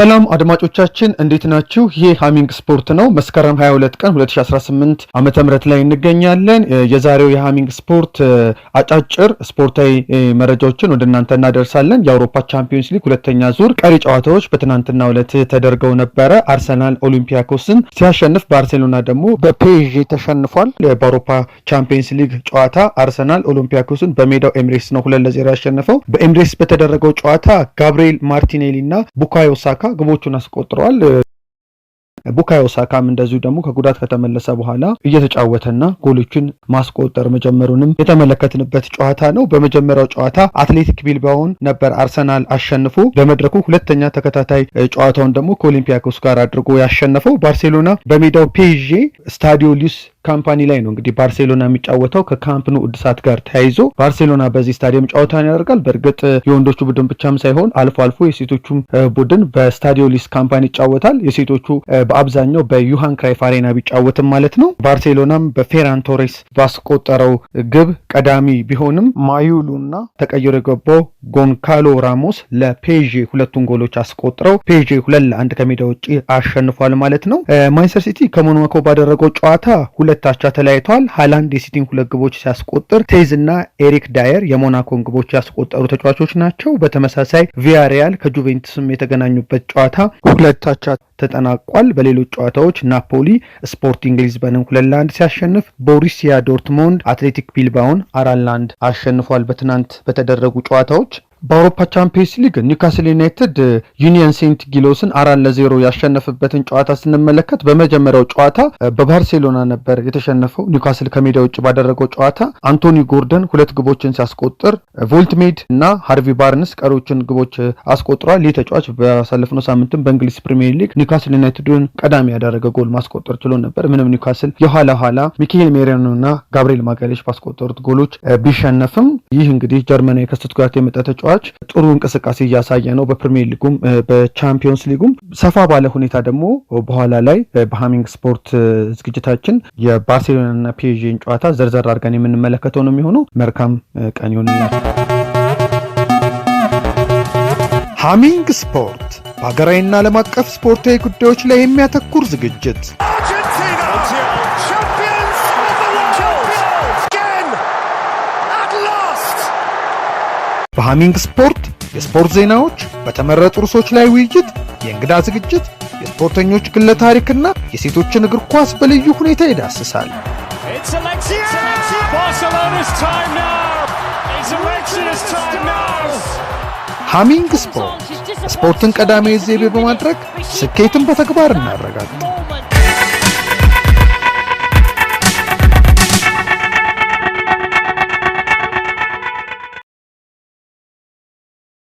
ሰላም አድማጮቻችን እንዴት ናችሁ? ይህ ሃሚንግ ስፖርት ነው። መስከረም 22 ቀን 2018 ዓመተ ምህረት ላይ እንገኛለን። የዛሬው የሃሚንግ ስፖርት አጫጭር ስፖርታዊ መረጃዎችን ወደ እናንተ እናደርሳለን። የአውሮፓ ቻምፒዮንስ ሊግ ሁለተኛ ዙር ቀሪ ጨዋታዎች በትናንትናው ዕለት ተደርገው ነበረ። አርሰናል ኦሊምፒያኮስን ሲያሸንፍ፣ ባርሴሎና ደግሞ በፔዥ ተሸንፏል። በአውሮፓ ቻምፒዮንስ ሊግ ጨዋታ አርሰናል ኦሊምፒያኮስን በሜዳው ኤምሬስ ነው ሁለት ለዜሮ ያሸነፈው። በተደረገው ጨዋታ ጋብሪኤል ማርቲኔሊ እና ቡካዮ ሳካ ግቦቹን አስቆጥረዋል። ቡካዮ ሳካም እንደዚሁ ደግሞ ከጉዳት ከተመለሰ በኋላ እየተጫወተና ጎሎችን ማስቆጠር መጀመሩንም የተመለከትንበት ጨዋታ ነው። በመጀመሪያው ጨዋታ አትሌቲክ ቢልባውን ነበር አርሰናል አሸንፎ በመድረኩ ሁለተኛ ተከታታይ ጨዋታውን ደግሞ ከኦሊምፒያኮስ ጋር አድርጎ ያሸነፈው። ባርሴሎና በሜዳው ፔዤ ስታዲዮ ሊስ ካምፓኒ ላይ ነው እንግዲህ ባርሴሎና የሚጫወተው። ከካምፕኑ እድሳት ጋር ተያይዞ ባርሴሎና በዚህ ስታዲየም ጨዋታን ያደርጋል። በእርግጥ የወንዶቹ ቡድን ብቻም ሳይሆን አልፎ አልፎ የሴቶቹም ቡድን በስታዲዮ ሊስ ካምፓኒ ይጫወታል። የሴቶቹ በአብዛኛው በዩሃን ክራይፍ አሬና ቢጫወትም ማለት ነው። ባርሴሎናም በፌራን ቶሬስ ባስቆጠረው ግብ ቀዳሚ ቢሆንም ማዩሉና ተቀይሮ የገባው ጎንካሎ ራሞስ ለፔዤ ሁለቱን ጎሎች አስቆጥረው ፔዤ ሁለት ለአንድ ከሜዳ ውጭ አሸንፏል ማለት ነው። ማንቸስተር ሲቲ ከሞናኮ ባደረገው ጨዋታ ሁለት አቻ ተለያይተዋል። ሃላንድ የሲቲን ሁለት ግቦች ሲያስቆጥር ቴዝ እና ኤሪክ ዳየር የሞናኮን ግቦች ያስቆጠሩ ተጫዋቾች ናቸው። በተመሳሳይ ቪያሪያል ከጁቬንትስም የተገናኙበት ጨዋታ ሁለት አቻ ተጠናቋል። በሌሎች ጨዋታዎች ናፖሊ ስፖርቲንግ ሊዝበንን ሁለት ለአንድ ሲያሸንፍ፣ ቦሩሲያ ዶርትሞንድ አትሌቲክ ቢልባውን አራት ለአንድ አሸንፏል። በትናንት በተደረጉ ጨዋታዎች በአውሮፓ ቻምፒየንስ ሊግ ኒውካስል ዩናይትድ ዩኒየን ሴንት ጊሎስን አራት ለዜሮ ያሸነፈበትን ጨዋታ ስንመለከት በመጀመሪያው ጨዋታ በባርሴሎና ነበር የተሸነፈው። ኒውካስል ከሜዳ ውጭ ባደረገው ጨዋታ አንቶኒ ጎርደን ሁለት ግቦችን ሲያስቆጥር ቮልትሜድ እና ሃርቪ ባርንስ ቀሪዎችን ግቦች አስቆጥሯል። ይህ ተጫዋች ባሳለፍነው ሳምንትም በእንግሊዝ ፕሪሚየር ሊግ ኒውካስል ዩናይትድን ቀዳሚ ያደረገ ጎል ማስቆጠር ችሎ ነበር። ምንም ኒውካስል የኋላ ኋላ ሚካኤል ሜሪያኖ እና ጋብሪኤል ማጋሌሽ ባስቆጠሩት ጎሎች ቢሸነፍም ይህ እንግዲህ ጀርመናዊ ከስቱትጋርት የመጣ ተጫዋች ተጫዋች ጥሩ እንቅስቃሴ እያሳየ ነው። በፕሪሚየር ሊጉም በቻምፒዮንስ ሊጉም ሰፋ ባለ ሁኔታ ደግሞ በኋላ ላይ በሃሚንግ ስፖርት ዝግጅታችን የባርሴሎናና ፒኤስጂን ጨዋታ ዘርዘር አድርገን የምንመለከተው ነው የሚሆነው። መልካም ቀን ይሆንላል። ሃሚንግ ስፖርት በሀገራዊና ዓለም አቀፍ ስፖርታዊ ጉዳዮች ላይ የሚያተኩር ዝግጅት በሃሚንግ ስፖርት የስፖርት ዜናዎች፣ በተመረጡ ርዕሶች ላይ ውይይት፣ የእንግዳ ዝግጅት፣ የስፖርተኞች ግለ ታሪክና የሴቶችን እግር ኳስ በልዩ ሁኔታ ይዳስሳል። ሃሚንግ ስፖርት ስፖርትን ቀዳሚ ዘይቤ በማድረግ ስኬትን በተግባር እናረጋግጥ።